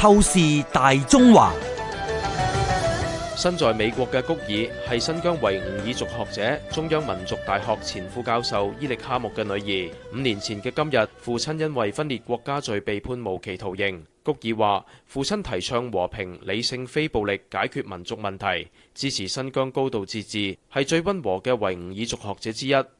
透視大中華。身在美國嘅菊爾係新疆維吾爾族學者、中央民族大學前副教授伊力哈木嘅女兒。五年前嘅今日，父親因為分裂國家罪被判無期徒刑。菊爾話：父親提倡和平、理性、非暴力解決民族問題，支持新疆高度自治，係最温和嘅維吾爾族學者之一。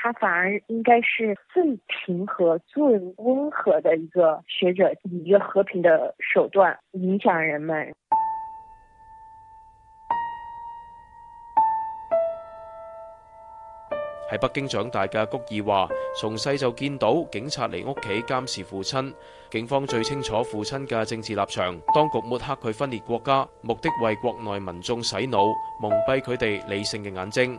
他反而應該是最平和、最温和的一個學者，以一個和平的手段影響人們。喺北京長大嘅菊爾話，從細就見到警察嚟屋企監視父親，警方最清楚父親嘅政治立場。當局抹黑佢分裂國家，目的為國內民眾洗腦，蒙蔽佢哋理性嘅眼睛。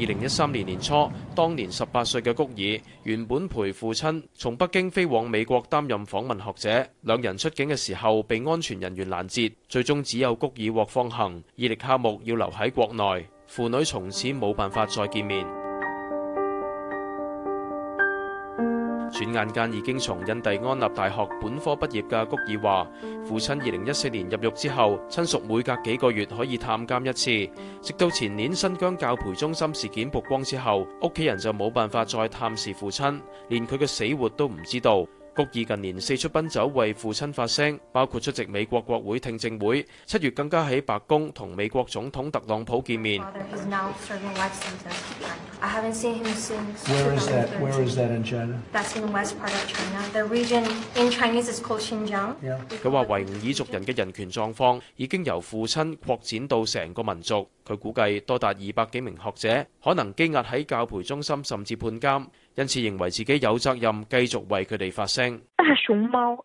二零一三年年初，當年十八歲嘅菊爾原本陪父親從北京飛往美國擔任訪問學者，兩人出境嘅時候被安全人員攔截，最終只有菊爾獲放行，伊力哈木要留喺國內，父女從此冇辦法再見面。轉眼間已經從印第安納大學本科畢業嘅菊爾話，父親二零一四年入獄之後，親屬每隔幾個月可以探監一次，直到前年新疆教培中心事件曝光之後，屋企人就冇辦法再探視父親，連佢嘅死活都唔知道。菊爾近年四出奔走為父親發聲，包括出席美國國會聽證會，七月更加喺白宮同美國總統特朗普見面。佢話：維吾爾族人嘅人權狀況已經由父親擴展到成個民族。佢估計多達二百幾名學者可能羈押喺教培中心，甚至判監。因此認為自己有責任繼續為佢哋發聲。大熊貓。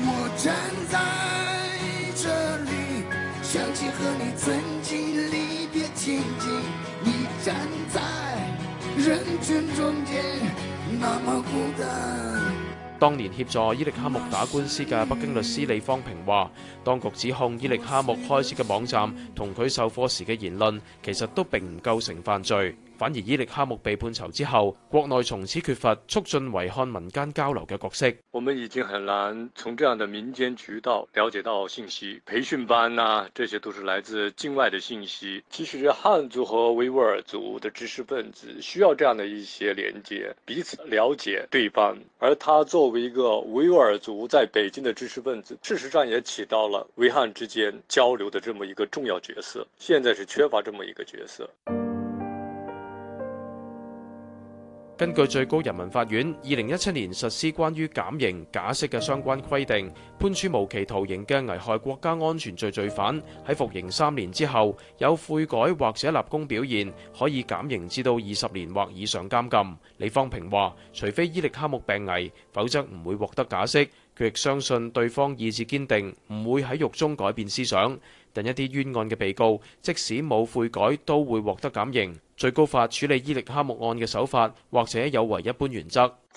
我站在這裏，想起和你曾經離別情景。你站在人群中間，那麼孤單。當年協助伊力哈木打官司嘅北京律師李方平話，當局指控伊力哈木開設嘅網站同佢授課時嘅言論，其實都並唔構成犯罪。反而伊力哈木被判囚之後，國內從此缺乏促進維漢民間交流的角色。我們已經很難從這樣的民間渠道了解到信息。培訓班啊，這些都是來自境外的信息。其實漢族和維吾爾族的知識分子需要這樣的一些連接，彼此了解對方。而他作為一個維吾爾族在北京的知識分子，事實上也起到了維漢之間交流的這麼一個重要角色。現在是缺乏這麼一個角色。根據最高人民法院二零一七年實施關於減刑、假釋嘅相關規定，判處無期徒刑嘅危害國家安全罪罪犯，喺服刑三年之後，有悔改或者立功表現，可以減刑至到二十年或以上監禁。李方平話：除非伊力哈木病危，否則唔會獲得假釋。佢亦相信對方意志堅定，唔會喺獄中改變思想。一啲冤案嘅被告，即使冇悔改，都會獲得減刑。最高法處理伊力哈木案嘅手法，或者有違一般原則。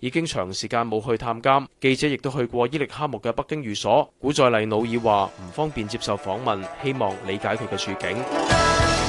已經長時間冇去探監，記者亦都去過伊力哈木嘅北京寓所。古再麗努爾話唔方便接受訪問，希望理解佢嘅處境。